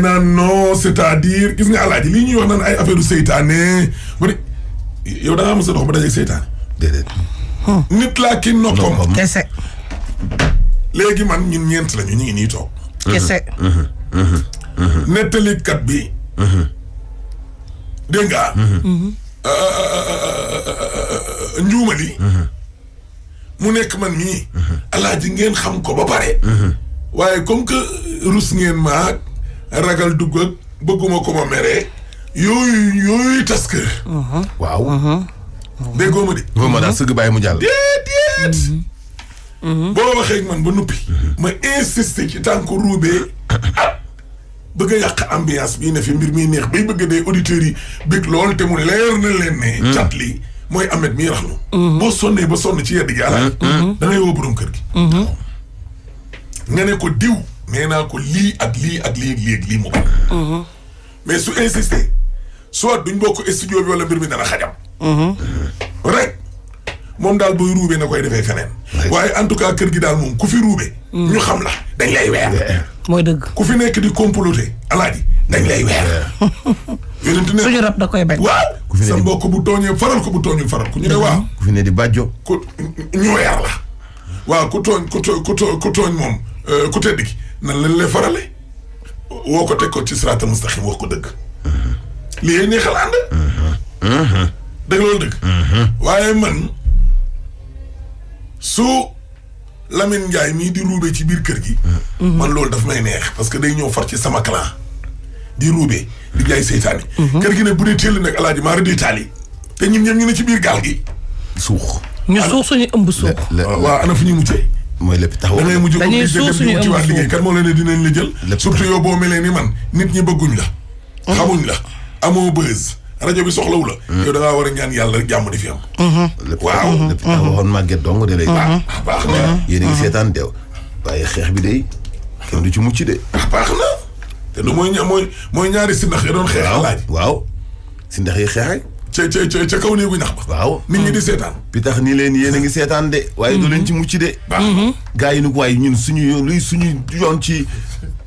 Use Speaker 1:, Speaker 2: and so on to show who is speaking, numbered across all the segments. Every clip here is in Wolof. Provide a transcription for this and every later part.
Speaker 1: gars gis nga alaaji lii ñuy wax naan ay a dox ba dajeeg seytaane déedéet. Hmm. nit man ñun ñeent lañu ñu ngi nii toog. kese. bi. dégg nga. Mm-hmm. Euh, euh, euh, njuumali. mu nekk man mii. alaaji ngeen xam ko ba pare. waaye comme que rus ngeen maag. ragal dugg ak bëgguma ko ma meree yooyu yooyu tas kër. Uh-huh. waaw. Uh-huh. déggoo ma de. boo ma daal sëgg bàyyi mu jàll. déedéet. Mm-hmm. Mm-hmm. boo waxee ak man ba nuppi. Mm-hmm. ma insister ci tànk ruubee ah, bëgg yàq ambiance bii ne fi mbir mi neex bay bëgg dee auditeurs yi bëgg lool te mu leer na leen ne. cat lii mooy Ahmed mi raxlu. boo sonnee ba sonn ci yedd gi alaay. da ngay woo borom kër gi. nga ne ko diw. nee naa ko lii ak lii ak lii ak lii ak lii mu bëgg. Mhm. mais su insister soit duñ bokk studio bi wala mbir mi dana xajam. Mhm. rek moom daal buy ruubee na koy defee feneen. waaye en tout cas kër gi daal moom ku fi ruubee. Mhm. ñu xam la dañ lay weer. mooy dëgg ku fi nekk di comploter alaaji dañ lay weer. yonent ne suñu rab da koy bañ. waaw ne sa mbokk bu tooñee faral ko bu tooñul ko ñu ne waaw. ku fi di bàjjo. ku ñu weer la. waaw ku tooñ ku tooñ moom euh, ku tedd gi. nan lañ lay farale woo ko teg ko ci siraatal mustaqim wax ko dëgg mm-hmm. lii yéen ñi xalaat dëgg loolu dëgg mm-hmm. waaye man su Lamine Ndiaye mii di ruube ci biir kër gi mm-hmm. man loolu daf may neex parce que day ñëw far ci sama clan di ruube di jaay seytaane kër gi ne bu dee teel nag alaaji maara di taali te ñun ñëpp ne ci biir gaal gi suux ñu suux suñu ëmb suux waaw ana fu ñuy muccee mooy lépp taxaw da ngay mujj dañuy suuf suñu ëmb suuf liggéey kat moo leen dinañ la jël. surtout boo melee ni man nit ñi bëgguñ la. xamuñ la amoo buzz rajo bi soxlawu la. Mm. yow da ngaa war a ñaan yàlla rek jàmm di fi am. lépp taxaw waxoon màgget dong de lay. a ah, baax na yéen a ngi seetaan deew. waaye xeex bi de kenn du ci mucc de. Ah, baax na te du mooy ña mooy mooy ñaari sindax yi doon xeex laaj. waaw sindax yi xeexe ca ca ca ca kaw néegu ñax ba. waaw nit ñi di hmm. seetaan. bi tax ni leen yéen a ngi seetaan de. Hmm. waaye du leen ci mucc de. waaw hmm. gars yi nag waaye ñun suñu luy suñu yoon ci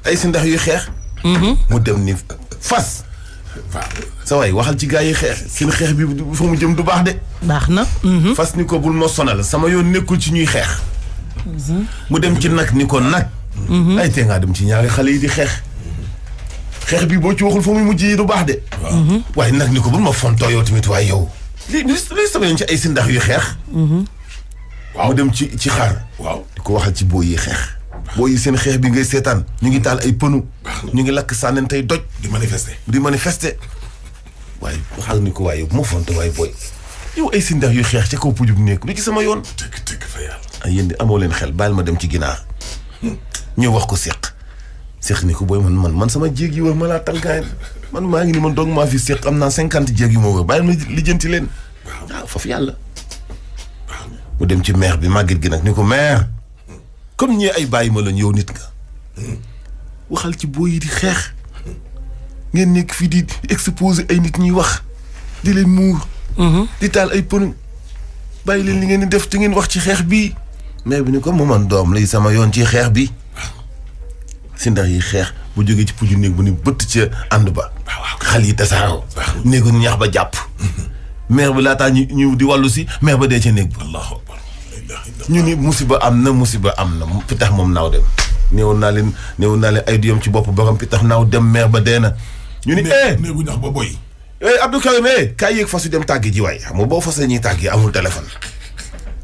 Speaker 1: ay si ndax yuy xeex. mu dem ni fas. waaw waxal ci gars yi xeex seen xeex bi mu jëm du baax de. baax na. fas ni ko bul ma sonal sama yoon nekkul ci ñuy xeex. mu dem ci nag ni ko nag. ay tee ngaa dem ci ñaari xale yi di xeex. xeex bi boo ci waxul fa muy mujj yi du baax de. waaye nag ni ko ba ma fontoo yow tamit waaye yow. li li sama yoon ci ay sindax yu xeex. Mhm. waaw mu dem ci ci xaar. waaw di ko wax ci boo yi xeex. boo yi seen xeex bi ngay seetaan. ñu ngi taal ay pënu. ñu ngi lakk sànneen tay doj. di manifester di manifester. waaye waxal ni ko waaye yow bu ma fontoo waaye booy. yow ay sindax yu xeex ca kaw pujub nekk lu ci sama yoon. dëgg dëgg fa yàlla. ay yéen amoo leen xel baal ma dem ci ginnaaw. Hmm. wax ko seq. seq ni ko booy man man man sama jéeg yi wër ma laa tànkaay man maa ngi ni man doog maa fi seq am naa cinquante jéeg yu ma wër bàyyi ma lijjanti leen. foofu yàlla. dem ci maire bi màgget gi nag ni ko maire. comme ñee ay bàyyi ma lañ yow nit nga. waxal ci booy yi di xeex. ngeen nekk fii di exposer ay nit ñuy wax. di leen muur. Mhm. di taal ay pneu. bàyyi leen li ngeen di def te ngeen wax ci xeex bi maire bi ni ko mu man doom lay sama yoon ci xeex bi. si ndax yi xeex bu jógee ci puju néeg bu ni bëtt ca ànd ba. Ah, xal yi tasaaroo. Ah, néegu ñax ba jàpp. maire bi laataa ñu ñu di wàllu si maire ba dee ca néeg ba. allahu akbar ñu ni musiba am na musiba am na pitax moom naaw dem. néewoon naa leen néewoon naa leen ay diyam ci bopp borom pitax naaw dem maire ba dee na. ñu ni eh néegu ñax ba boy. eh Abdou Karim eh! fas yu dem tàggi ji waay xam nga boo fas la ñuy tàggi amul téléphone.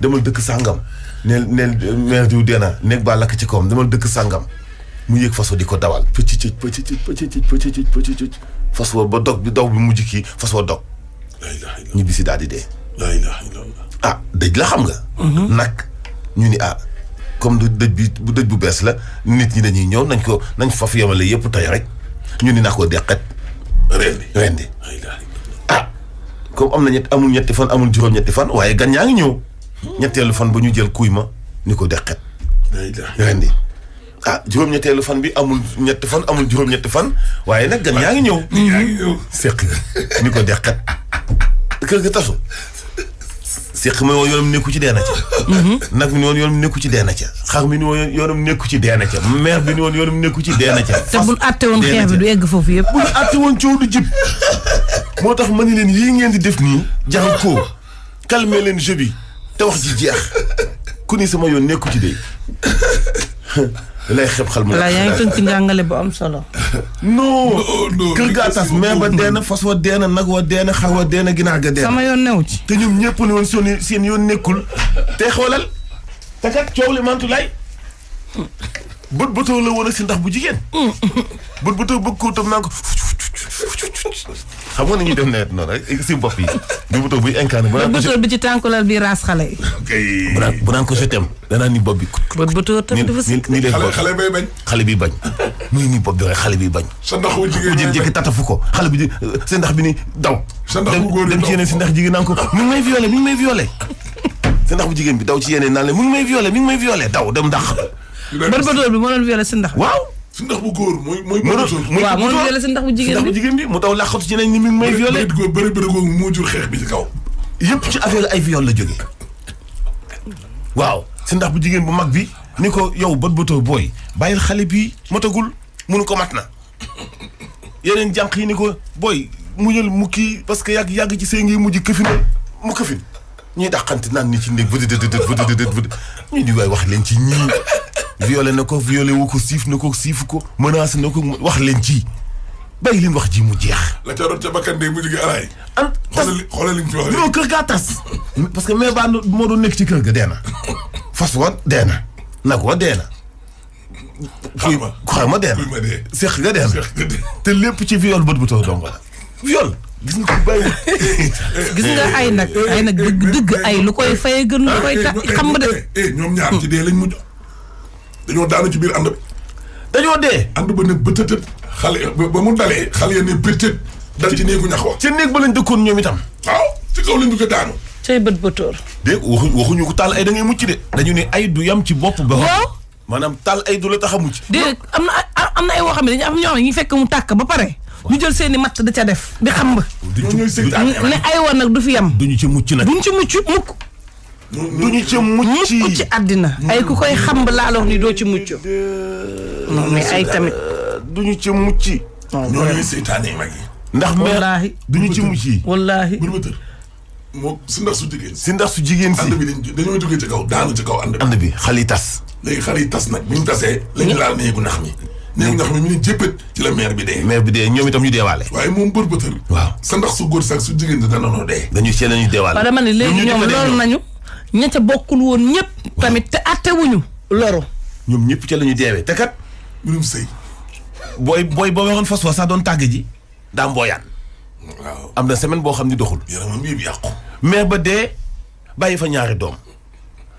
Speaker 1: demal dëkk sàngam neel neel diw dee na néeg baa lakk ci kawam demal dëkk sàngam mu yëg fas wa di ko dawal pëcc pëcc pëcc pëcc pëcc fas wa ba dog bi daw bi mujj kii fas dog ñu bisi daal di dee ah dëj la xam nga mhm. nag ñu ni ah comme du dëj bi bu dëj bu bees la nit ñi dañuy ñëw nañ ko nañ faf yemale yëpp tey rek ñu ni naa ko deqet rendi rendi ah comme am na ñett amul ñetti fan amul juróom-ñetti fan waaye gan ñaa ngi ñëw hmm. ñetteelu fan ba ñu jël kuy ma ni ko deqet ah juróom-ñetteelu fan bi amul ñett fan amul juróom-ñett fan waaye nag gan yaa ngi ñëw. yaa mm-hmm. seq ni ko deqat kër ga tasu seq mi woon yoonam nekku ci deena ca. Mm-hmm. nag mi ni woon yoonam nekku ci deena ca. xar mi ni woon yoonam nekku ci deena ca meer bi ni woon yoonam nekku ci deena ca. te bu ñu àtte woon xeex bi du egg foofu yëpp. bu ñu àtte woon coow du jib moo tax ma ni leen yii ngeen di def nii. jaxal ko calmer leen jeu te wax ji jeex ku ni sama yoon nekku ci dee. da lay xeeb xel mu. la yaa ngi tënk
Speaker 2: njàngale bu am solo.
Speaker 1: non kër gaa tas mais ba dee na fas wa dee na nag wa dee na xar wa dee na ginaar ga dee na. sama yoon ci. te ñoom ñëpp ne woon seen yoon nekkul te xoolal te kat coow li mantu lay bët bëtoo la woon a si ndax bu jigéen. Mm. bët bëtoo bëgg ko tam naa xam nga ni ñuy def nawet noonu rek eh, si bopp yi. du buto buy incarné. bu naan ko setem. danaa ni ni def bopp xale bay bañ. xale bi bañ. muy ni sa ndax wu jigéen ñi jékki bi eh, sa ndax bi ni daw. sa ndax dem ci yeneen si ndax jigéen naan may violé mi may violé. daw dem ndax. bët bëtoor bi moo doon violé si ndax waaw si ndax bu góor mooy mooy. mooy violé si ndax bu jigéen bi mu daw làqatu ci nañ ni mi ngi may violé. bëri bëri googu moo ci kaw. yëpp ci affaire ay viol la jógee waaw si ndax bu jigéen bu mag bi ni ko yow bët bëtoo booy bàyyil xale bi mu munu ko mat na yeneen jànq yi ni ko booy mu muñal mukki parce que yàgg yàgg ci seen ngi mujj këfin mu këfin ñuy dàqante naan ni ci néeg vëdd vëdd vëdd vëdd ñuy wax leen ci ñii violé na ko violé wu ko siif na ko siifu ko menacé na ko wax leen ci bàyyi leen wax ji mu jeex. la ca doon ca bakkan de mu jóge alaay. am tas xoolal li mu ci wax non doon nekk ci kër ga dee na fas wa dee na nag wa dee na. xaw ma ma dee na seq nga dee te lépp ci viol bët bu taw dong la viol. gis nga ko
Speaker 2: gis nga ay nag ay nag dëgg dëgg ay lu koy fayee gën lu koy eh, eh, ta eh,
Speaker 1: de. ñoom ñaar ci dañoo daanu ci biir ànd bi. dañoo dee. ànd ba ne bëtëtët xale ba mu dalee xale ya ne bëtët dal ci néegu ñax wa. ci néeg ba lañ dëkkoon ñoom itam. waaw ci kaw lañ bëgg a daanu. cay bët ba tóor. dégg waxuñu waxuñu ko taal ay da ngay mucc de. dañu ne ay du yam ci bopp ba. waaw maanaam taal ay du la tax a mucc. déedéet am na am ay woo xam ne dañu am
Speaker 2: ñoo ñu fekk mu tàkk ba pare. ñu jël seeni da ca def. di xam ba.
Speaker 1: ne ay woon nag du fi yam. duñu ci mucc nag duñu ci mucc mukk
Speaker 2: duñu ca mucc ci àddina ay ku koy xam ba laalox ni doo ci mucc non mais ay tamit duñu ca
Speaker 1: mucc ñooñu seytaane yi mag yi ndax mais duñu ci mucc yi wallaahi bur ma tër moo si ndax su jigéen si ndax su jigéen si ànd bi dañ dañoo jógee ci kaw daanu ci kaw ànd bi ànd bi xal yi tas léegi xal yi tas nag bi ñu tasee la ñu laal néegu nax mi néegu nax mi mu ne jéppét ci la maire bi dee maire bi dee ñoom itam ñu deewaale waaye moom bër ba tër waaw sa ndax su góor sax su jigéen di dananoo dee dañu see lañu deewaale dama ne léegi ñoom loolu
Speaker 2: nañu ña bokkul woon ñëpp. tamit te
Speaker 1: attewuñu loru. ñoom ñëpp ca la ñu deewee te kat. booy booy boo waxoon fas sax doon tàgg ji daa mbooyaan. am na semaine boo xam ni doxul. yaramam yàqu. mais ba dee bàyyi fa ñaari doom.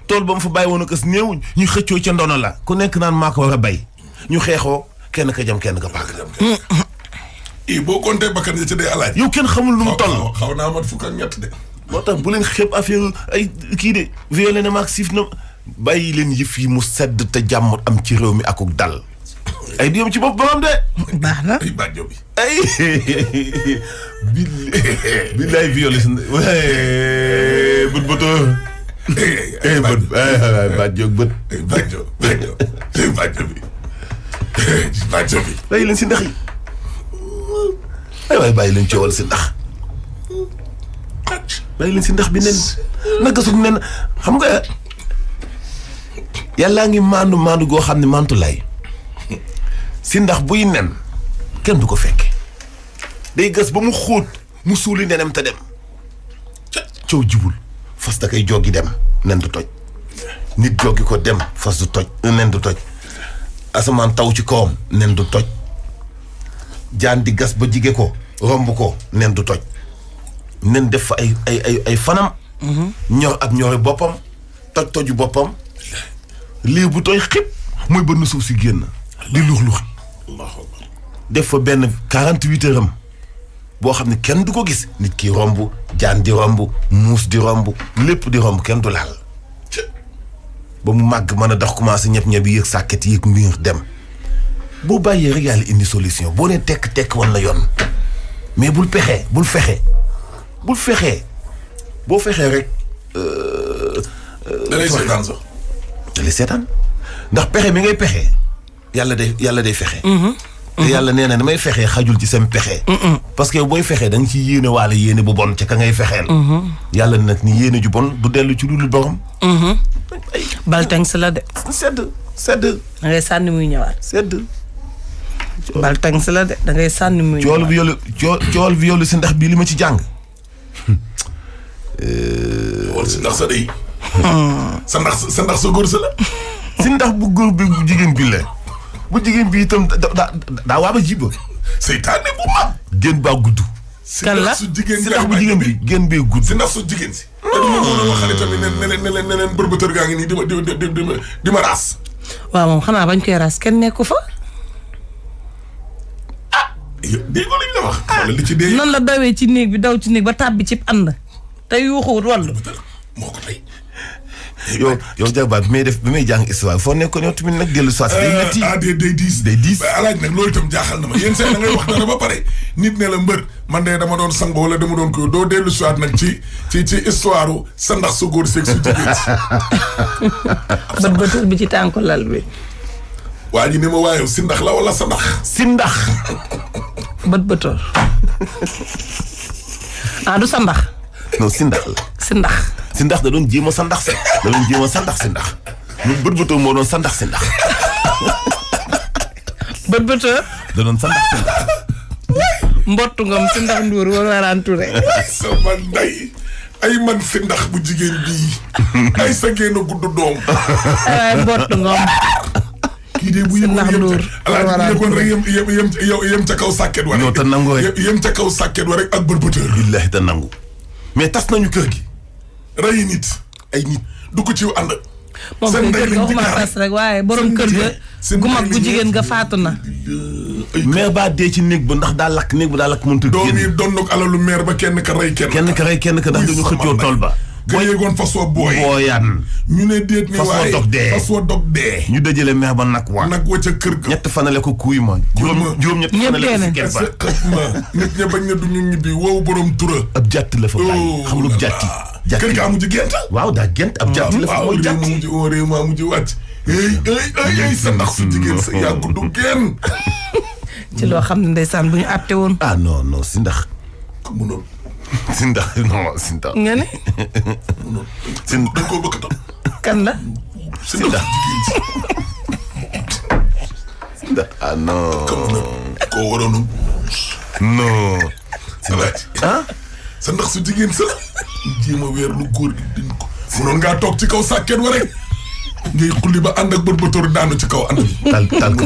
Speaker 1: tool ba mu fa bàyyi woon ak as néew ñu xëccoo ca ndono la ku nekk naan maa ko war a bay ñu xeexoo kenn ka jam kenn ka paak. i boo compter bakkan ya ca dee alaaj yow kenn xamul lu mu toll. xaw naa mat fukk ak ñett de. moo tax bu leen xeeb affaire ay kii de violé na maag siif na bàyyi leen yëf yi mu sedd te jàmm am ci réew mi akuk dal ay di ci bopp borom de. baax na ay bàjjo bi. ay bi bi laay violé si bët bëto. ay bët si ndax bàyyi leen si ndax bi nen naka suuf nen xam nga yàllaa ngi maandu maandu goo xam ne maantu lay si ndax buy nen kenn du ko fekke day gas ba mu xóot mu suuli nenem te dem coow jibul fas da koy joggi dem nen du toj nit joggi ko dem fas du toj nen du toj asamaan taw ci kawam nen du toj jaan di gas ba jige ko romb ko nen du toj nen def fa ay ay ay ay fanam. Mhm. ñor ab ñori boppam toj toju boppam. lii bu tooy xib mooy bënn suuf si génn. di lux lux def fa benn quarante huit boo xam ne kenn du ko gis nit ki romb jaan di romb muus di romb lépp di romb kenn du laal. ba mu màgg mën a dox commencé ñëpp ñëpp yéeg sàkket yéeg mur dem boo bàyyee rek yàlla indi solution boo nee tekk tekk wan la yoon mais bul pexe bul fexe. bul fexee boo fexee rek. Euh, euh, da pexe mi ngay pexe yàlla day yàlla day fexe. Mm-hmm. te mm-hmm. yàlla nee na damay fexe xajul ci seen pexe. parce que booy fexe da ciy yéene waale yéene bu bon ca ka ngay fexeel. Mm-hmm. yàlla nag ni yéene ju bon du dellu ci lu dul borom. balteng
Speaker 2: si sedd sedd. sànni muy ñëwaat. sedd. balteng
Speaker 1: si la de da ngay sànni muy ñëwaat. jool bi yoolu jool jool bi si ndax bii li ma ci jàng. wala si ndax sa day. sa ndax sa ndax sa góor sa la. si ndax bu góor bi bu jigéen bi la. bu jigéen bi itam da da daa waaba jiba. seytaane bu mag. gën baa gudd. kàlla si ndax bu bi gën bee gudd. si ndax su jigéen si. te du ma mën a waxale tamit ne ne ne ne gaa ngi nii di ma di ma di ma raas.
Speaker 2: waaw moom xanaa bañ koy raas kenn nekku fa.
Speaker 1: dégg nga li wax. Ah. wala li ci dee.
Speaker 2: nan la dawee ci néeg bi daw ci néeg ba tàbbi ci ànd te yuuxuwut wàll. moo ko tey.
Speaker 1: yow yow Diakba bi may may jàng histoire foo nekkoon tamit nag dellu soit day metti euh, ah, na ma yéen seen da ba pare la mbër man de dama doon sango wala dama doon ko doo dellu soit nag ci ci ci histoire u sa ndax su góor seeg su jigéen bi ci tànku lal bi waa ji ni ma waaye si ndax la wala sa ndax si ndax
Speaker 2: bët bëtoor ah du sa ndax.
Speaker 1: si ndax la. si ndax. si ndax da doon jéem sandax sa ndax si. da doon jéem bët bëtoor da doon sa ndax si ndax.
Speaker 2: mbottu nduur war waraan ture. sama
Speaker 1: ndey. ay man si bu jigéen bii. ay sa génn gudd doom. ay mbottu ngom. kii de bu yëngoon yem ca yem yem ca kaw sàkket wa rek. non te nangoo rek yem ca kaw sàkket wa rek ak bërbëtër. billaahi te nangu mais tas nañu kër gi. rayi nit ay nit du ko ci ànd. seen ndey lañ ci tas
Speaker 2: rek waaye borom kër ga. gu mag gu jigéen
Speaker 1: nga faatu na. maire baa dee ci néeg ba ndax daa lakk néeg ba daa lakk mënut génn doom alalu maire ba kenn ka rey kenn. ka rey kenn ka ndax dañu xëccoo tool ba mooy yëgoon fas wa booy booyaan ñu ne déet ni waaye dog dee fas wa dog dee ñu dajale meex ba nag waa nag wa ca kër ga ñett fanale ko kuuy ma juróom juróom ñett fanale ko si ker ba nit ña bañ na du ñu ñibbi woowu borom tura ab jàtt la fa bàyyi oh xamul ab jàtti jàtti kër ga mujj gent waaw daa gent ab jàtt la fa mooy jàtt mujj oo oh, réew maa mujj wàcc ay ay ay sa ndax su jigéen sa yàggu du génn ci loo xam ne ndeysaan bu ñu àtte woon ah non non si ndax mënoon Sinta non Sinta. nga ne. waroon non. Sinta sa ndax su jigéen sa. jéem a weer lu góor gi din ko. munoon ngaa toog ci kaw sàkket wa rek. ngay ba ànd ak bët ba tóor ci kaw ànd. tal tal ko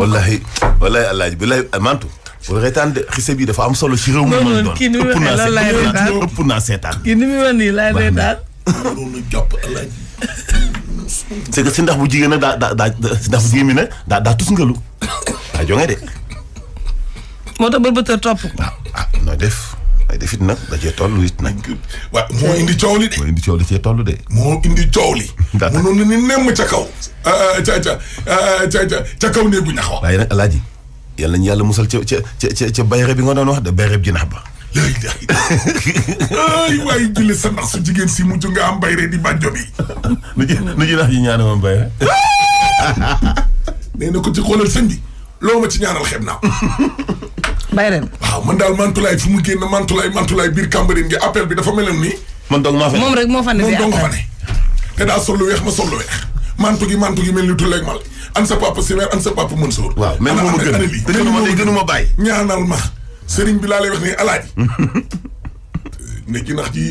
Speaker 1: wallahi wallahi alaaji bi lay wala reetaan de xise bi dafa am solo ci réew mi. non non kii ni muy ni muy wax nii laay reetaan. loolu si ndax bu jigéen a daa daa daa si ndax bu jigéen mi ne daa daa tus ngalu daa de.
Speaker 2: moo tax bërbëtër topp. waaw ah,
Speaker 1: ah noo def. ay defit nag da cee toll it nag. waaw moo indi coow li de. moo indi coow li toll de. moo indi coow li. d'accord mënoon na nemm ca kaw. Ah, ah, ca ca ca ca kaw néegu ñax wa. waaye nag alaaji yal nañu yàlla musal ca ca ca ca bayre bi nga doon wax de bayre bi jinax ba. ay waaye julli sa ndax su jigéen si mujj nga am bayre di bàjjo bi. nu ji nu ji ndax ji ñaanal ma bayre. nee na ko ci xoolal sëñ bi loo ma ci ñaanal xeeb naa. bayre waaw man daal mantulaay fu mu génn mantulaay mantulaay biir Cambérène ngi appel bi dafa mel ni. man dong maa fa ne moo fa ne moom dong fa daa sol lu weex ma sol weex. mantu gi mantu gi mel ni tulleeg mal an sa papa Simer an sa papa Mansour. waaw mais moom a gën a gënuma bàyyi ñaanal ma sëriñ bi laa lay wax ni alaaj ne ci nax ci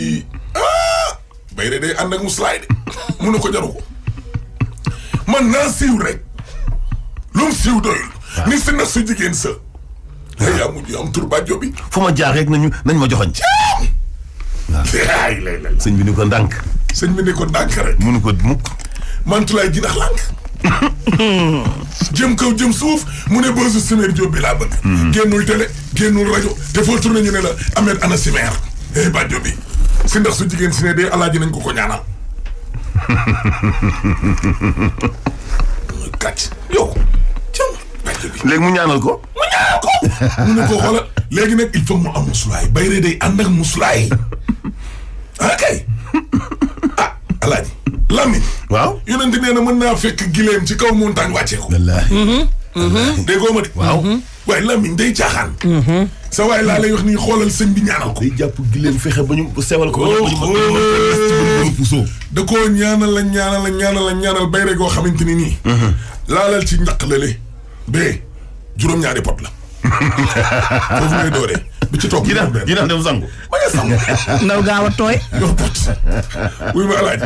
Speaker 1: ah! bay de day ànd ak muslaay de mu ne ko jaru ko man naa siiw rek lu siiw doyul ah. ni si na su jigéen sa ay ah. yaa mujj am tur bàjjo bi fu ma jaar rek nañu nañ ma joxoñ ci waaw sëñ bi ni ko ndànk sëñ bi ni ko ndànk rek munu ko mukk Mantoulaye jinax lànk jëm kaw jëm suuf mu ne bësu Simeer Diop bi laa bëgg. Hmm. génnul télé génnul rajo te foo tourné ñu ne la ana Simeer eh Badio bi si ndax su jigéen si ne dee alaaji nañ ko ko ñaanal. kàcc yow jëm Badio bi. léegi mu ñaanal ko. léegi nag il faut mu am musulaay ah, alaaji Lamine. waaw yonent nee na mën naa fekk gileem ci kaw montagne wàccee ko. wallaahi. Mhm. Mhm. déggoo ma de. waaw mhm. waaye lamiñ day caaxaan. sa waay laa lay wax ni xoolal sëñ bi ñaanal ko. day jàpp gileem fexe ba ñu sewal ko. da koo ñaanal la ñaanal la ñaanal la ñaanal bay rek goo xamante ni nii. laalal ci ñaq lale. bee juróom-ñaari pot la. foofu ngay dooree. bi ci topp ji daan ji daan dem sangu. ma tooy. yow pot wuy ma alaaj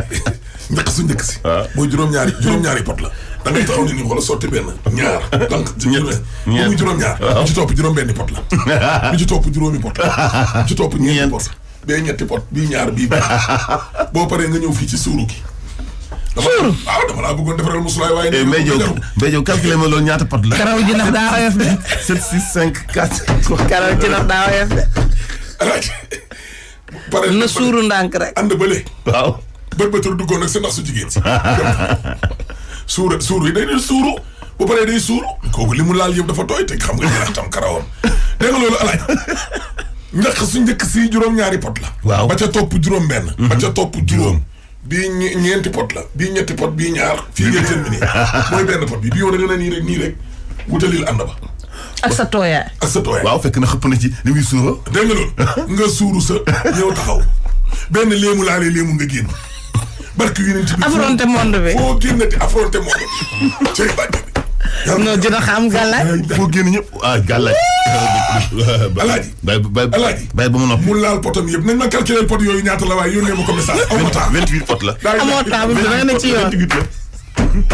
Speaker 1: njëkk su njëkk si. waaw ah. mooy ñaari juróom-ñaari pot la. da ngay taxaw ni ñu xool sotti benn ñaar donc ñett ñeent muy juróom-ñaar. Ah. bi ci topp juróom-benni pot la. bi ci topp juróomi pot la. bi ci topp ñeenti pot. bee ñetti pot bii ñaar bii boo paree nga ñëw fii ci suuru gi. suur waaw ah, dama laa bëggoon defaral musulaay waaye. Eh, nii pot la. karaw ji ndax daa oyof de. 7 6 5 4. karaw ji ndax suuru ndànk rek. ànd bële. waaw. bët bëtul duggoon nag sa ndax su jigéen si. suur suur yi day day suuru bu paree day suuru. kooku li mu laal yëpp dafa tooy te xam nga jëlaat tam karawam dégg nga loolu alaaj ndax su njëkk si juróom-ñaari pot la. waaw ba ca topp juróom-benn. ba topp juróom. bii ñeenti pot la bii ñetti pot bii ñaar fii ngay terminé mooy benn pot bi bii war a nii rek nii rek wutalil ànd ba
Speaker 2: ak sa tooyaay
Speaker 1: waaw fekk na xëpp na ci li muy suura dégg nga suuru sa ñëw taxaw benn léemu laalee léemu nga génn barke yu neñ ci affronté monde bi foo génnati affronté monde bi cëy bi non dina xam gàllaay. foo génn ñëpp ah gàllaay. alaaji bay bay bay ba mu noppi. mu laal potam yëpp nañ ma calculer pot yooyu ñaata la waaye yónnee ma ko message aw ma taa. 28 pot la. amoo taa bu dana ne ci yoon 28 la.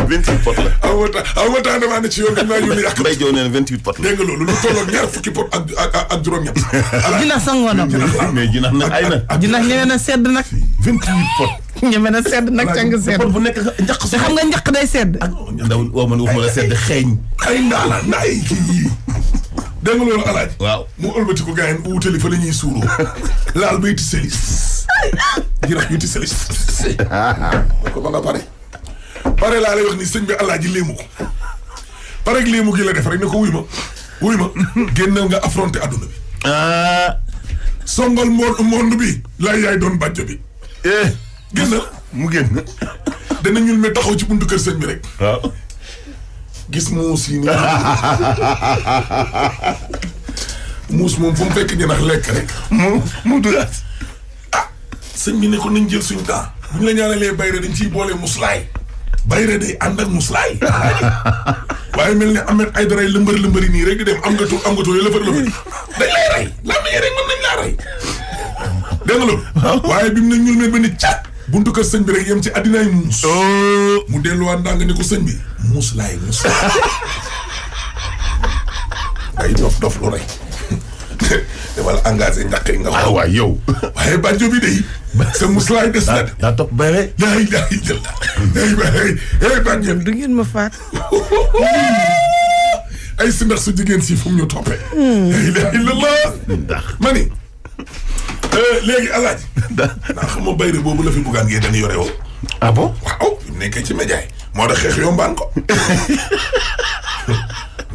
Speaker 1: 28 pot la. aw ma taa aw ma taa damaa ne ci yoon dañ maa yónnee ak. mbay jow neen 28 pot la. dégg nga loolu lu tolloog ñaar fukki pot ak ak ak juróom-ñett. alaay jinax sangoonam. mais jinax nag ay na.
Speaker 2: jinax ñeneen a sedd nag. 28 pot. ñeme na sedd nag càng sedd bu nekk njaq su xam nga njaq day sedd. ak ah,
Speaker 1: ndaw woo man a la sedd xeeñ. ay ndaala ndaay kii yii. dégg loolu alaaji. waaw mu ëlbati ko gars yi mu fa la ñuy suuroo. laal bay ti selis. jirax yu ti selis. ko ba nga pare. pare laa lay wax ni sëñ bi alaaji léemu ko. pare léemu gi la def rek ne ko wuy ma. wuy ma génnal nga affronté adduna bi. Ah. songal monde bi. lay yaay doon bàjjo bi. Eh. génn mu génn. dana ñun mi taxaw ci buntu kër sëñ bi rek. waaw. gis muus yi nii. muus moom fu mu fekk ñu ndax lekk rek. mu mu duggaat. ah sëñ bi ne ko nañ jël suñ temps. bu ñu la ñaanalee bayre dañ ciy boole muslaay. bayre day ànd ak muslaay. waaye mel ni Ahmed Aïdara yi lëmbër lëmbëri nii rek di dem am nga tuut am nga tuut yooyu lëfër lëfër dañ lay rey laa mel rek nañ laa rey. dégg waaye bi mu ne ñun mel ba ni buntu kër sëñ bi rek yem ci addinaay muus. Oh. mu delluwaat ndànk ni ko sëñ bi muus laay muus. ay dof dof lu rey. dafa la engagé ñàkk yi nga. waaw ah, waaw yow. waaye bàjjo bi de. sa muus laay des na de. daa topp bëre. daay daay jël daay bàjjo du ngeen ma faat. ay si ndax su jigéen si fu mu ñu toppee.
Speaker 3: Hmm. la ilaha illallah.
Speaker 1: ndax ma ni. Euh, léegi alaaji. naa xam ma boobu la fi bugaan ngeen dañu yore woo. ah bon waaw nekkee ci média yi moo tax xeex yombaan ko.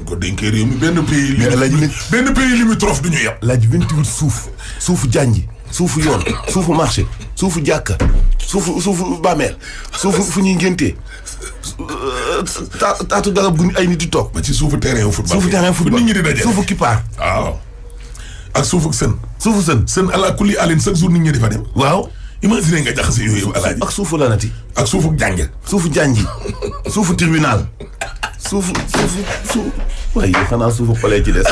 Speaker 1: ko dénkee réew benn pays. li benn pays limitrophe du ñu yem. laaj vingt-huit suuf suufu jànji suufu yoon suufu marché suufu jàkk suufu suufu bàmmeel suufu fu ñuy ngéntee euh, taatu garab gu ay nit di toog. ba ci suufu terrain football suufu terrain football nit ñi di daje ak suuf ak sën. suuf ak sën sën ala kulli alin chaque jour nit ñi di fa dem. waaw imagine nga jaxase yooyu yëpp alaaji. ak la nati. ak suufu jànge. suufu jànji suufu tribunal. suufu suufu suuf. waaye xanaa suufu xoolee ci des.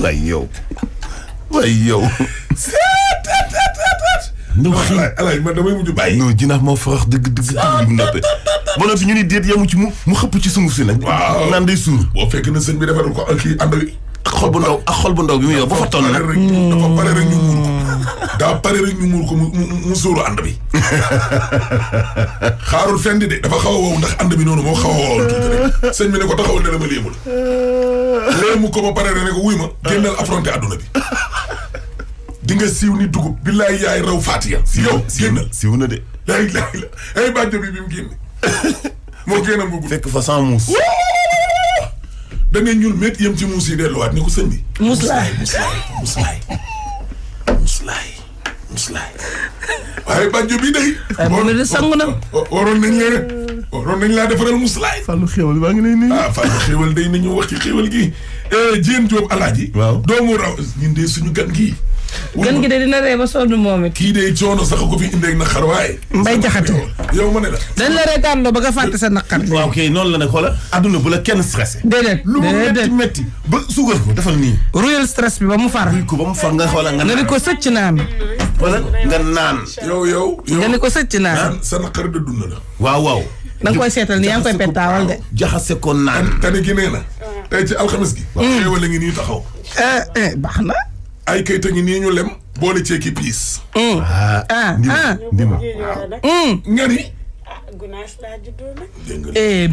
Speaker 1: waaye yow. waaye yow. ndaw xëy alaay man damay mujj bàyyi. non moo farax dëgg dëgg dëgg bu ñu ni déet yamu ci mu mu xëpp ci sunguf si nag. waaw naan day suur. boo fekk na sëñ bi defarul ko kii ànd. ak xol bu ndaw ak xol bu ndaw bi mu yor ba fa toll dafa pare rek ñu hmm. muur daa pare rek ñu mu mu sóoru ànd bi xaarul fenn de dafa xaw a wow ndax ànd bi noonu moo xaw a wow rek sëñ bi ne ko taxawal ne la ma léemul léemu ko ba pare ne ko wuy ma génnal affronté adduna bi. di nga siiw ni dugub billaay yaay raw Fatia. yow siiw na siiw na de. laay laay la ay bàjjo bi bi mu génn moo génn mu gudd. da ñu ñuul métti yem ci muus yi delluwaat ni ko sëñ bi. muslaay muslaay muslaay muslaay waaye banjo bi day. waaw moom sangu na. waroon nañ la waroon nañ laa defaral muslaay. Fallou xéwal baa ngi lay nuyu. ah Fallou ci xéwal gi. Eh, Diène Diop alaaji. doomu raw ñun de suñu gan gii. gën gi de dina ree ba sonn moom kii de coono sax ko fi indee na xar waaye. mbay jaxate yow ma ne la. dañ loo ba nga fàtte sa naqar. waaw kay noonu la ne xoolal adduna bu la kenn stressé. déedéet lu mu métti métti ba sugal defal nii. ruyal stress bi ba mu far. ko ba mu far nga xoolal nga. nga ni ko sëcc naan. wala nga naan. yow yow. nga ni
Speaker 2: ko sëcc naan.
Speaker 1: sa naqar de dund la. waaw waaw.
Speaker 2: da nga koy seetal ni yaa ngi na pettaawal de.
Speaker 1: jaxase ko naan. tane gi nee na. tey eh, ci alxames gi. Mm. waaw xéewal ngi nii eh, eh, baax na. ay kayit a ngi nii ñu lem boole ci piis. Mm. ah ah, ah. ndima ah.
Speaker 2: mm. nga ah, eh,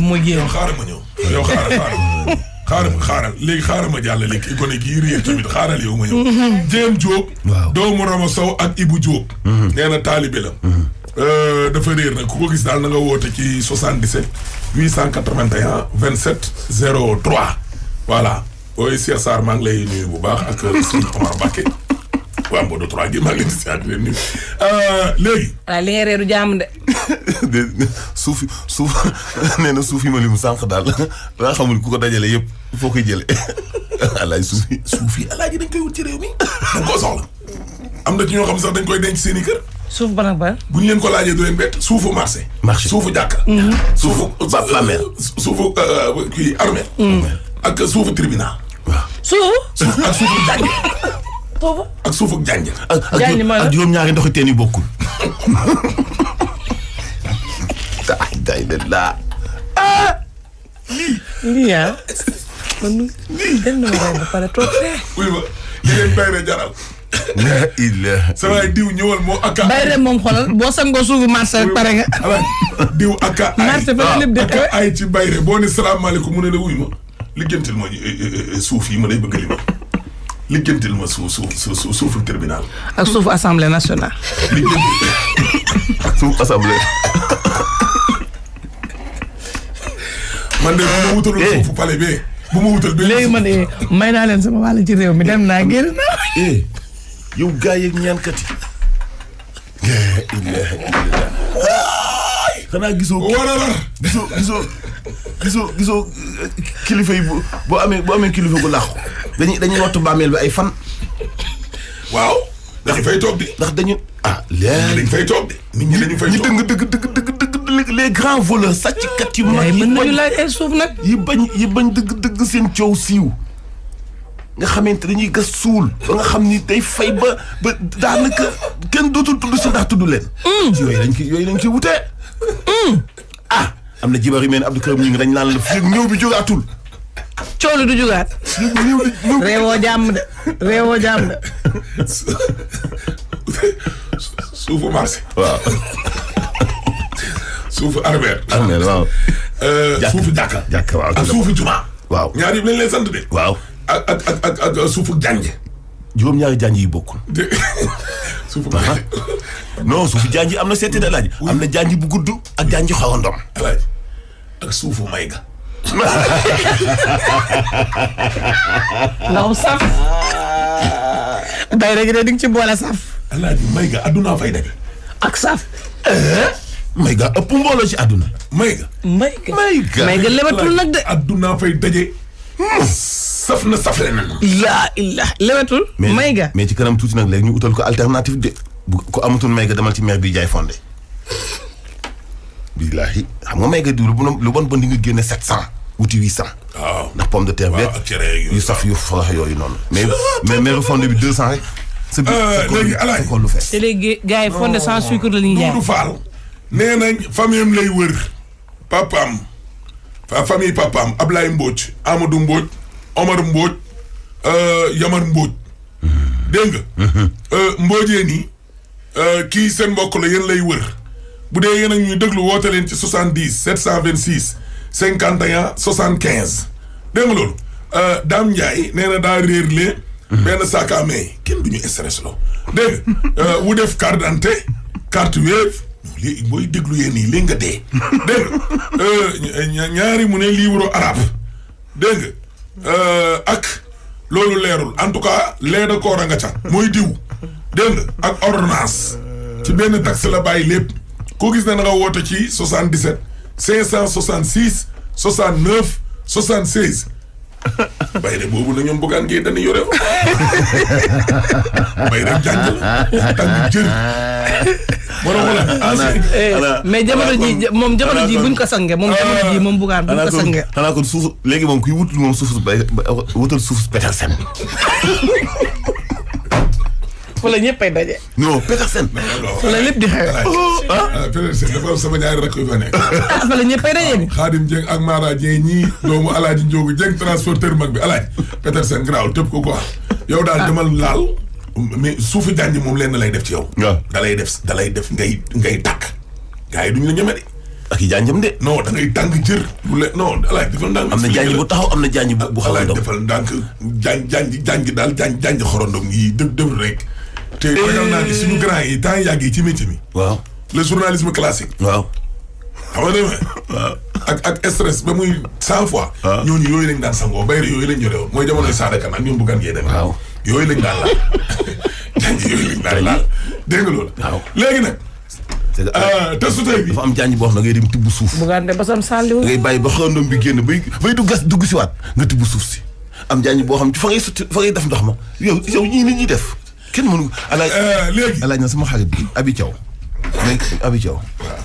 Speaker 2: xaaral ma ñëw
Speaker 1: yow xaaral xaaral léegi xaaral ma jàll léegi gone gii réer tamit xaaral yow ma ñëw. Jéem mm-hmm. Diop. waaw doomu Rama ak Ibou Diop. Mm-hmm. nee na taalibe la. Mm-hmm. Euh, dafa réer nag ku ko gis daal na woote ci vingt 881 27 03 voilà. ooy Cheikh maa ngi lay nuyu bu baax ak euh, Serigne Omar Mbacké waa Modou 3 gi maa ngi leen di siyaat euh,
Speaker 2: reeru jàmm de.
Speaker 1: de suuf suuf nee na suuf yi ma lim sànq daal daa xamul ku ko dajale yëpp foo koy jëlee alaay suuf yi suuf yi dañ koy wut ci réew mi. dañ koo soxla am na ci ñoo xam sax dañ koy denc seen i kër. suuf ban ak leen ko laajee du leen bett suufu marché. marché suufu jàkka. Mhm. suufu ba bàmmeel. Euh, mhm. ak suufu tribunal. suuf suuf ak suuf ak jànj. ak suuf ak jànj. jànj ma ak juróom-ñaari ndoxi teen yu bokkul. ah day de daa. ah.
Speaker 2: lii. lii ah. man lii dem na ma rey ba pare toog fee.
Speaker 1: wuyu ma yeneen bayre jaral. la ilaha. sama diw ñëwal moo akka. bayre moom xoolal boo sangoo suufu marché rek pare nga. diw akka ay marché fa lépp de. akka ay ci bayre boo ne salaamaaleykum mu ne la wuyu ma. lijjantil ma eh, eh, eh, suuf yi ma lay bëgg a limal lijjantil ma suuf suuf suufu tribunal. ak suufu assemblée nationale. lijjantil ak suuf assemblée. man de bu ma wutalul suufu palais bi bu ma wutal bi léegi man de may naa leen sama wàll ci réew mi dem naa génn naa. yow gars yeeg ñaankat yi. xanaa gisoo. wala gisoo gisoo kilifa yi bu bu amee bu amee kilifa bu laaxu dañuy dañuy wattu bàmmeel ay fan. waaw. ndax fay toog di ndax dañu ah léegi dañ fay toog de. nit ñi dañu fay toog ñi dëgg dëgg les grands voleurs sàcckat yu mag. yi bañ mën nañu laaj ay suuf nag. yi bañ bañ dëgg dëgg seen coow siiw. nga xamante dañuy gas suul. ba nga xam ni tey fay ba ba daanaka kenn dootul tudd si ndax tudd leen. Mm. yooyu lañ ci yooyu lañ ci wutee. ah am na jibar yu mel ne Karim ñu ngi dañ naan la fi ñëw
Speaker 2: bi jógaatul. coolu du jugaat. réewoo jàmm de réewoo jàmm de.
Speaker 1: suufu marché. waaw. suufu armeer. Euh, suufu jàkka. jàkka waaw suufu juma. waaw ñaar yëpp leen sant waaw suufu jànj. juróom-ñaari janj yi bokkul. suufu non suufu janj am na seeti de am na janj bu gudd ak janj xaw a ndom. ak suufu may ga.
Speaker 2: di ci boole saf.
Speaker 1: alaaji may ga fay daje. ak saf. Eh? may ga ëpp mbooloo ci adduna. may ga. may ga may de. addunaa fay daje. Hmm. saf na safle na. laa illah lewetul. mayga mais ci kanam tuuti nag léegi ñu utal ko alternative de bu ko amatul mayga demal ci maire bi jaay fondé. billaahi xam nga mayga du lu bon lu bon bon di nga génne sept cent. wuti huit cent. waaw ndax pomme de terre beeg yu saf yu farax yooyu noonu. mais mais maire bi deux cent rek. sa euh, léegi alaay sa lu fees. te léegi gars nee nañ famille am lay wër papaam fa famille papaam Ablaye Mbodj Amadou Mbodj. Omar Mbodj euh, Yamar Mbodj. dégg nga. Mm-hmm. Euh, Mbodjee nii euh, kii seen mbokk la yéen lay wër bu dee yéen a ñuy déglu woote leen ci soixante dix sept cent vingt six cinquante et un soixante quinze. dégg nga loolu Dame Ndiaye nee na daa réer lee. Mm-hmm. benn saaka amee kenn du ñu stress loo. dégg wu def carte d'identité carte web lii booy déglu yéen nii léegi nga dee. dégg ñaari mu ne livre arabe dégg Euh, ak loolu leerul en tout cas lait de corps a nga ca mooy diw dégg nga ak ordonnance ci benn taxe la bàyyi lépp koo gis ne na nga woote ci 77 566 69 76 bayre boobu la ñoom buggaan ngay dañu yore bayre jàng la tàng jër wala eh, mais jamono ji moom jamono ji buñ ko sange moom jamono moom buggaan buñ ko sange xanaa kon suuf léegi moom kuy wutul moom suuf su bay wutal suuf su petal sen fu la ñëppay daje. non Petersen. fu la lépp di xew. Oh, ah. ah Petersen dafa am sama ñaari rakk yu fa nekk. ah fu la ñëppay daje ni ah, Xaadim Dieng ak Mara Dieng ñii doomu Alaaji Njóogu Dieng transporteur mag bi Alaaji Petersen graw tëb ko quoi yow daal ah. demal laal. mais suufu jànj moom lenn lay def ci yow. waaw da lay def da lay def ngay ngay tàkk. gars yi duñ la ñeme de. ak i jànjam de. non da ngay tàng jër. bu le non alaay defal ndànk. am na jànj bu taxaw am na jànj bu bu xaw a ndaw alaay defal ndànk jànj jànj jànj daal jànj jànj xorondom yi dëgg dëgg rek. te ragal naa ni yi temps yàgg yi ci waaw le journalisme classique. waaw. xam ak ak stress ba muy cent fois. yooyu lañ daan sangoo bayre yooyu lañ mooy jamonoy Sada Kane ak ñoom Bougane Gueye Dany. waaw yooyu lañ daan laal. janj yooyu lañ daan laal dégg nga euh, euh, te su bi dafa am janj boo xam ne dem tibb suuf. Bougane de basam sàlliw. ngay bàyyi ba xandoom bi génn bay bay du gas dugg si waat nga tibb suuf si am janj boo xam ci fa ngay sotti fa def ndox ma yow yow ñii nit ñi def. kenn mënu alaaj eh, léegi alaaj na sama xarit bi Abi Thiaw léegi Abi Thiaw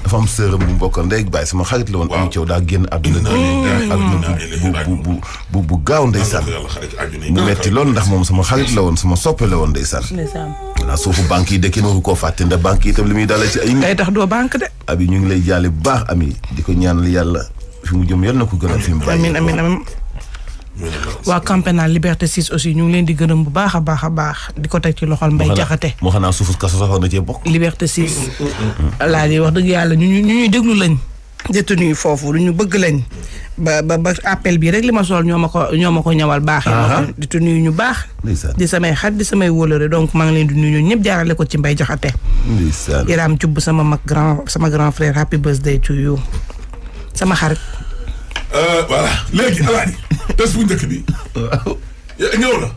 Speaker 1: dafa am sërëm bu mu bokkal ndey ak baay sama xarit la woon Abi Thiaw daa génn àdduna àdduna bu bu bu bu gaaw ndeysaan mu metti lool ndax moom sama xarit la woon sama soppe la woon ndeysaan voilà suufu banque yi de kenn waru koo fàtte ndax banque yi itam li muy dalee ci ay tax doo banque de abi ñu ngi lay jaale bu baax ami di ko ñaanal yàlla fi mu jëm yal na ko gën fi mu bàyyi
Speaker 2: amiin amiin waa camp pénal liberté 6 aussi ñu ngi leen di gërëm bu baax a baax a baax di ko teg ci loxol mbay jaxate
Speaker 1: moo xam naa suufu kaso sax war na cee
Speaker 2: liberté 6 laa di wax dëgg yàlla ñu ñu ñuy déglu lañ détenu yi foofu lu ñu bëgg lañ ba ba ba appel bii rek li ma sol ñoo ma ko ñoo ma ko ñawal baaxee ma ko yi ñu baax di samay xat di samay wóolare donc maa ngi leen di nuyu ñëpp jaarale ko ci mbay jaxate Iram Cubb sama mag grand sama grand frère happy birthday to you sama xarit
Speaker 1: Euh, voilà léegi alaaji test bu njëkk bi. waaw. ñëw na.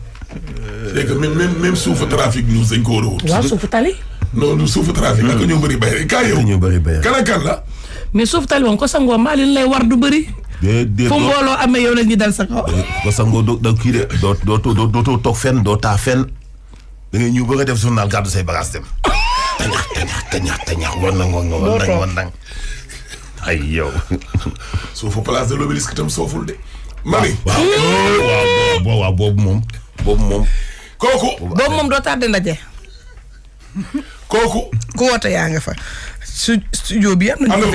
Speaker 1: c'est que même même trafic ñun dañ ko war a wut. waaw la. mais tali moom ko sangoo
Speaker 2: maa leen war du bëri.
Speaker 1: déedéet fu mbooloo
Speaker 2: amee sa kaw. Eh,
Speaker 1: ko sangoo doo doo kii de doo doo def journal gàddu say bagages dem. wan na ay yow. suufu place de l'obélisque itam sooful de. mami eh, boobu moom boobu moom. kooku. boobu
Speaker 2: moom doo tardé ndaje. kooku. ku woote yaa nga fa. su studio bi am na ñu ko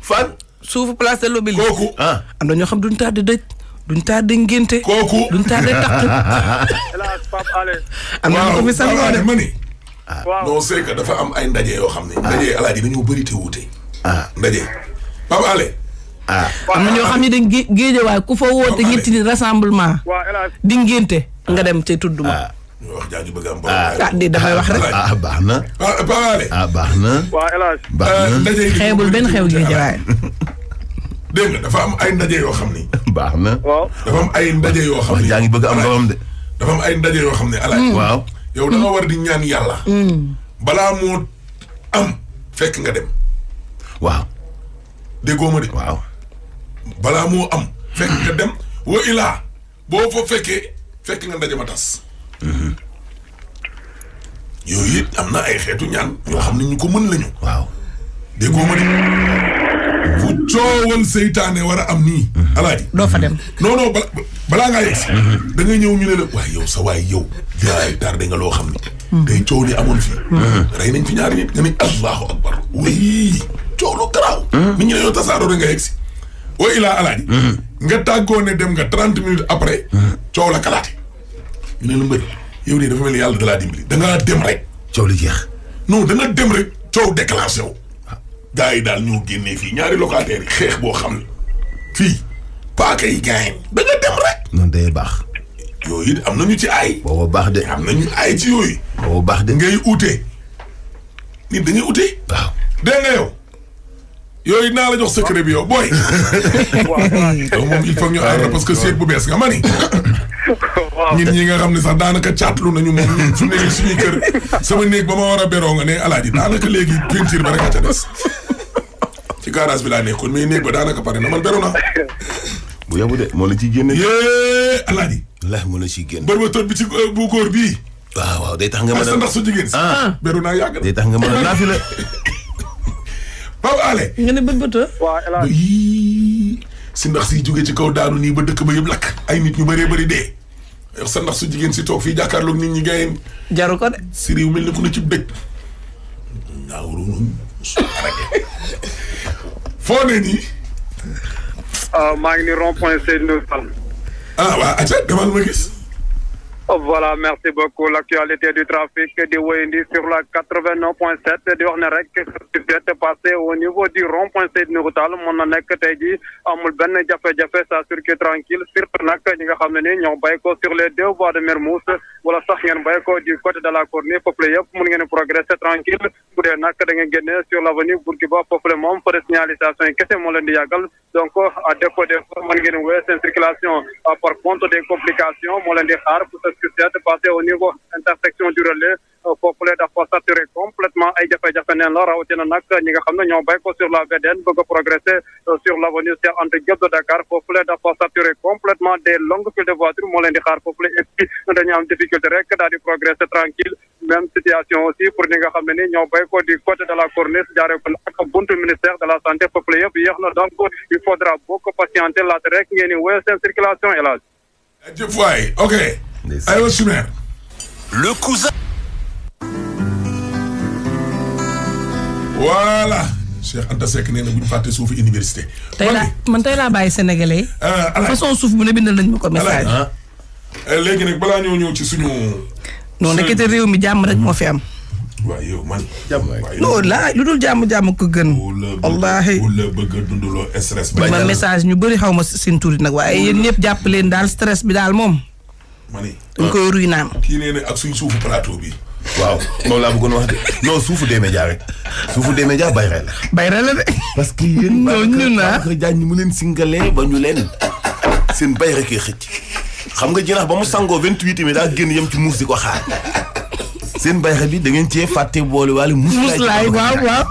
Speaker 2: fi fan. suufu place de l'obélisque. kooku ah. am na ñoo xam duñ tardé dëj. duñ tardé ngénte. kooku duñ tardé takk.
Speaker 3: hélas Pape Alé.
Speaker 1: am na ñu ko fi sangoo de waaw waaw non c'est que dafa am ay ndaje yoo xam ne. ndaje alaaji dañoo bëri te wuute. ah ndaje. Pape Alé. ah am na ñoo xam ne dañ
Speaker 2: géejewaay ku foo woote ñetti nit rassemblement. di ngénte nga dem te tudd ma. Ah. wax
Speaker 1: jaaju ah, di damay wax rek. ah baax na. Ah, ah baax na. waa El Hadj. baax na eh, xeebul benn xew géejewaay. dégg nga dafa am ay ndaje yoo xam ni. baax na. waaw dafa ay ndaje yoo xam ni. wax ngi bëgg am doom de. ay ndaje yoo xam ne alaaj. Mm. waaw yow da nga war di ñaan yàlla. Mm. balaa moo am fekk nga dem. waaw. déggoo ma de. waaw. balaa moo am. fekk nga dem wo ilaa boo fa fekkee fekk nga ndaje ma tas. Mhm. yooyu it am na ay xeetu ñaan. yoo xam ne ñu ko mën lañu. waaw déggoo ma de. fu coowoon seytaane war a am nii. Mhm. alaaji doo fa dem. non balaa ngaa yegg si. Mhm. ñëw ñu ne la waaye yow sa waay yow. yaay nga loo xam ni. Mm-hmm. tey coow li amoon fii. Mm-hmm. nañ fi ñaari nit nga ni allahu akbar wéy coow lu garaaw. Mm-hmm. nga yegg ne dem nga trente minutes après. coow la kalaate. ñu ne la de laa dimbali da dem rek. coow li jeex. non da nga dem rek coow déclenché wu. gars yi daal ñoo génnee fii ñaari locataires yi xeex boo xam ne fii paaka yi gaañ da nga dem rek. non day baax. yooyu it am nañu ci aay. boobu baax de. am nañu ay ci yooyu. boobu baax de ngay ute. nit dañuy ute. waaw nga yow. yooyu naa la jox sa secret bi yow booy. waaw moom il faut ñu aar la parce que seet bu bees nga mani. ñun ñi nga xam ne sax daanaka caatlu nañu moom ñun su nekk suñuy kër sama néeg ba ma war a beroo nga ne alaaji daanaka léegi peinture ba rek a ca des ci garage bi laa nekkoon mais néeg ba daanaka pare na man beru naa. bu yabu de moo la ciy génne. yee alaaji. wallaahi mu la ciy génn. barbatóor bi ci euh, bu góor bii. waaw waaw day tax nga mën a. sa ndax ah. naa yàgg na. day tax nga mën a naafi la. Pape Alé. nga ne barbatóor. Ah? waaw El si ndax si jóge ci kaw daanu nii ba dëkk ba yëpp lakk. ay nit ñu bëree bëri dee. sa ndax su jigéen si toog fii jàkkaarloog nit ñi gayeen. jaru ko de. si réew mel ni ku ne ci dëkk. naa waroon
Speaker 3: foo ne nii. Ah, maa ngi ni rond ah waa ayca demal ma gis. voilà merci beaucoup l' actualité du trafic di wéyandi sur la quatre-vingt-neuf point sept di wax ne rek sujet passé au niveau du rond point Seydina Tall mën na nekk tey jii amul benn jafe-jafe ça circule tranquille surtout nag ñi nga ne ni ñoo bay ko sur les deux voies de Mermoz wala sax ngeen bay ko du côté de la Corniche foofu la yëpp ngeen progresser tranquille bu dee nag da ngeen génne sur l' avenue Bourguiba foofu la moom fa de signalisation yi kese moo sécurité passé au niveau intersection du relais euh, foofulee dafa saturé complètement ay jafe-jafe neen la rawatina nag ñi nga xam ne ñoo bay sur la VDN bëgg progresser euh, sur l'avenue Cheikh Anta Diop de Dakar foofulee dafa saturé complètement des longues files de voitures moo di xaar foofule et puis dañu am difficulté rek daal progresser tranquille même situation aussi pour ñi nga xam ni ñoo bay ko du côté de la ko ak buntu ministère de la santé foofule yëpp jëf waay ok.
Speaker 1: aywa le cousin. voilà. Cheikh Anta Seck nee na bu ñu fàtte suufu université.
Speaker 2: tey laa man tey laa bàyyi sénégalais.
Speaker 1: Euh, façon suuf bu ne bindal nañu ko message. Euh, léegi nag balaa ñoo ci suñu.
Speaker 2: non nekkete réew mi jàmm rek moo fi am.
Speaker 1: waaye yow man. jàmm waay
Speaker 2: lu dul jàmm jàmm ko gën.
Speaker 1: wallaahi wala bëgg a dundaloo stress. bañ ma message
Speaker 2: ñu bëri xaw ma seen turit nag waaye ñëpp jàpp leen daal stress bi daal moom.
Speaker 1: ma ni dañ ah, koy ruy naan. kii nee na ak suñ suufu plateau bi. waaw moom laa bëggoon wax de non suufu Deme Dia rek suufu Deme Dia bayre la. bayre parce que yéen. ñooñu naa parce que mu leen singalee ba ñu leen seen bayre kee xëcc. xam nga jinax ba mu sangoo 28 mi daa génn yem ci muus di ko seen baykat bi da ngeen cee fàtte boole waale. muslaay waaw waaw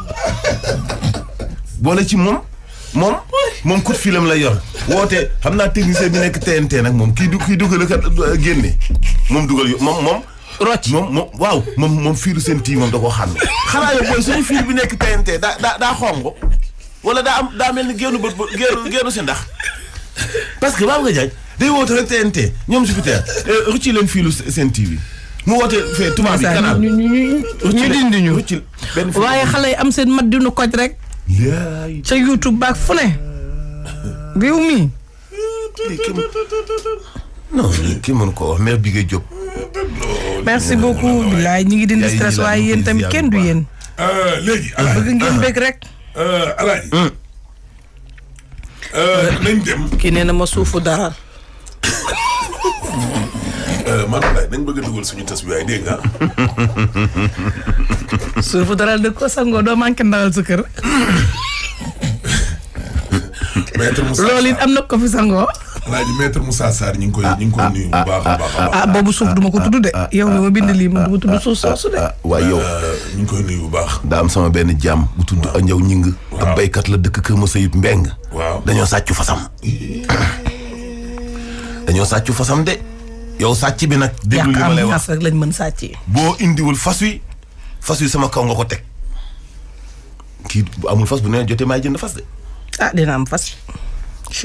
Speaker 1: boole ci moom moom moom coup de filam la yor woote xam naa technicien bi nekk TNT nag moom kii du kii dugal kat euh, génne moom dugal yo moom moom. roc moom moom waaw moom moom fiiru seen tii moom da koo xam xanaa yow booy suñu fiir bi nekk TNT daa daa daa xongo wala daa am daa mel ni génnu bët génnu génnu si ndax parce que Babacar Diagne day woote rek TNT ñoom Jupiter euh, rëcci leen fiilu seen tii bi. mu woote fee tubaab bi kanam ñu ñu dindi ñu waaye
Speaker 2: xale am seen mat dinu nu koj rek. ca YouTube baak fu ne. réew mi.
Speaker 1: kii mën ko wax mère bi nga jóg.
Speaker 2: merci beaucoup. bilaay ñi ngi dindi stress waaye yéen tamit kenn du yéen. Euh, ah. rek. Euh, alaaji. Hmm. Euh, nañ kii nee na ma suufu dara.
Speaker 1: Euh, maanaam daal dañ bëgg a dugal
Speaker 2: ko sangoo doo manqué sa kër. maître Moussa am na ko fi sangoo.
Speaker 1: Alaaji maître ñu ngi koy ñu ngi koy nuyu bu ah, ah,
Speaker 2: suuf du ma ko tudd de. yow li ma bind lii moom du tudd suuf soosu de. Ah,
Speaker 1: waaw yow euh, ñu koy bu baax. daa am sama benn jàmm bu tudd Anjaw Ñing. waaw ab béykat la dëkk Kër Masayib Mbeng. dañoo sàccu fasam. dañoo sàccu fasam de. yow sàcc bi nag. déglu li man lay sàcc. boo indiwul fas wi fas wi sama kaw nga ko teg kii amul fas bu nee jotee maay jënd fas de. ah dina am fas.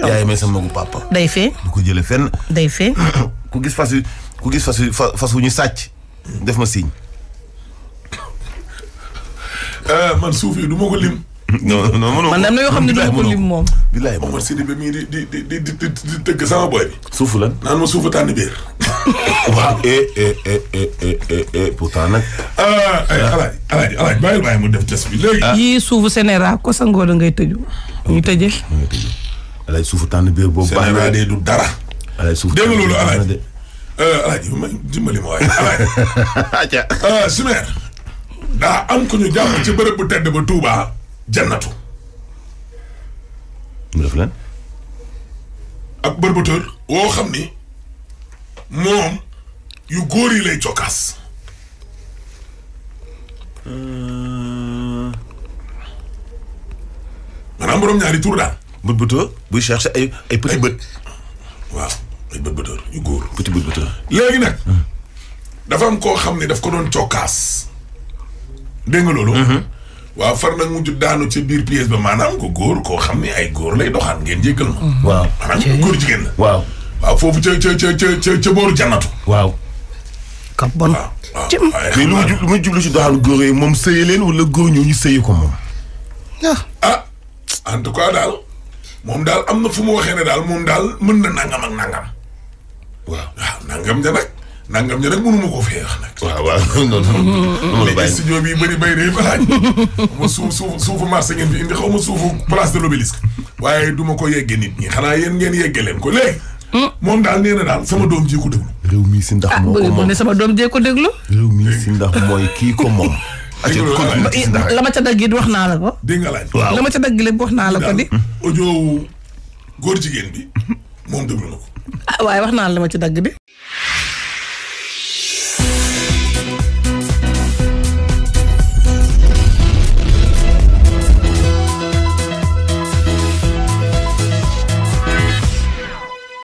Speaker 1: yaay may sama magu papa. day fee du ko jëlee fenn. day fee ku gis fas wi ku gis fas wi fas wu ñu sàcc def ma signe. Eh, man suuf yi du ma ko lim. man am na yoo xam ne doo ko lim moom. bilaay Omar Sidi ba mii di di di di di di tëgg sama boy bi. suufu lan naan ma suufu tànn biir. waaw eh eh eh
Speaker 2: ngay tëju. Ah, ñu ah, tëjee.
Speaker 1: alaaji suufu tànn du dara. alaaji suufu dégg nga loolu alaaji. Euh, alaaji ma waaye alaaji. ah daa am ko ñu jàpp ci bërëb bu tedd ba Touba. jannatu mu def lan ak barbateur woo xam ni moom yu góor yi lay jokkaas
Speaker 3: euh.
Speaker 1: maanaam borom ñaari tur daal barbateur buy chercher ay ay petit bët waaw ay barbateur yu góor petit barbateur léegi nag dafa am koo xam ne daf ko doon jokkaas dégg nga loolu waaw far nag mujj daanu ca biir pièce ba maanaam ko góor koo xam ne ay góor lay doxaan ngeen jéggal ma. Mhm. waaw maanaam góor jigéen la. waaw waaw foofu ca ca ca ca ca booru jannatu. waaw. ka lu mu jublu mu jublu si doxalu góor yi moom sëye leen wala góor ñoo ñu sëye ko moom. Ah. Ah, tout cas daal daal am na fu mu waxee ne daal moom daal mën na nangam ak nangam. waaw waaw nangam ja nangam ñu rek mënuma koo fee wax nag. waaw waaw non non. léegi studio bi bëri béy day balaaj. ma waaye du ma ko yeggee xanaa yéen ngeen yeggee ko hmm? moom daal nee na daal doom jii si ndax moo sama doom jee ko déglu. réew mi si ndax la
Speaker 2: ma ca dagg it wax naa la ko.
Speaker 1: la ma ca dagg wax naa la ko di. audio góor jigéen bi moom
Speaker 2: déglu na ko. ah waaye wax naa la ma ci dagg bi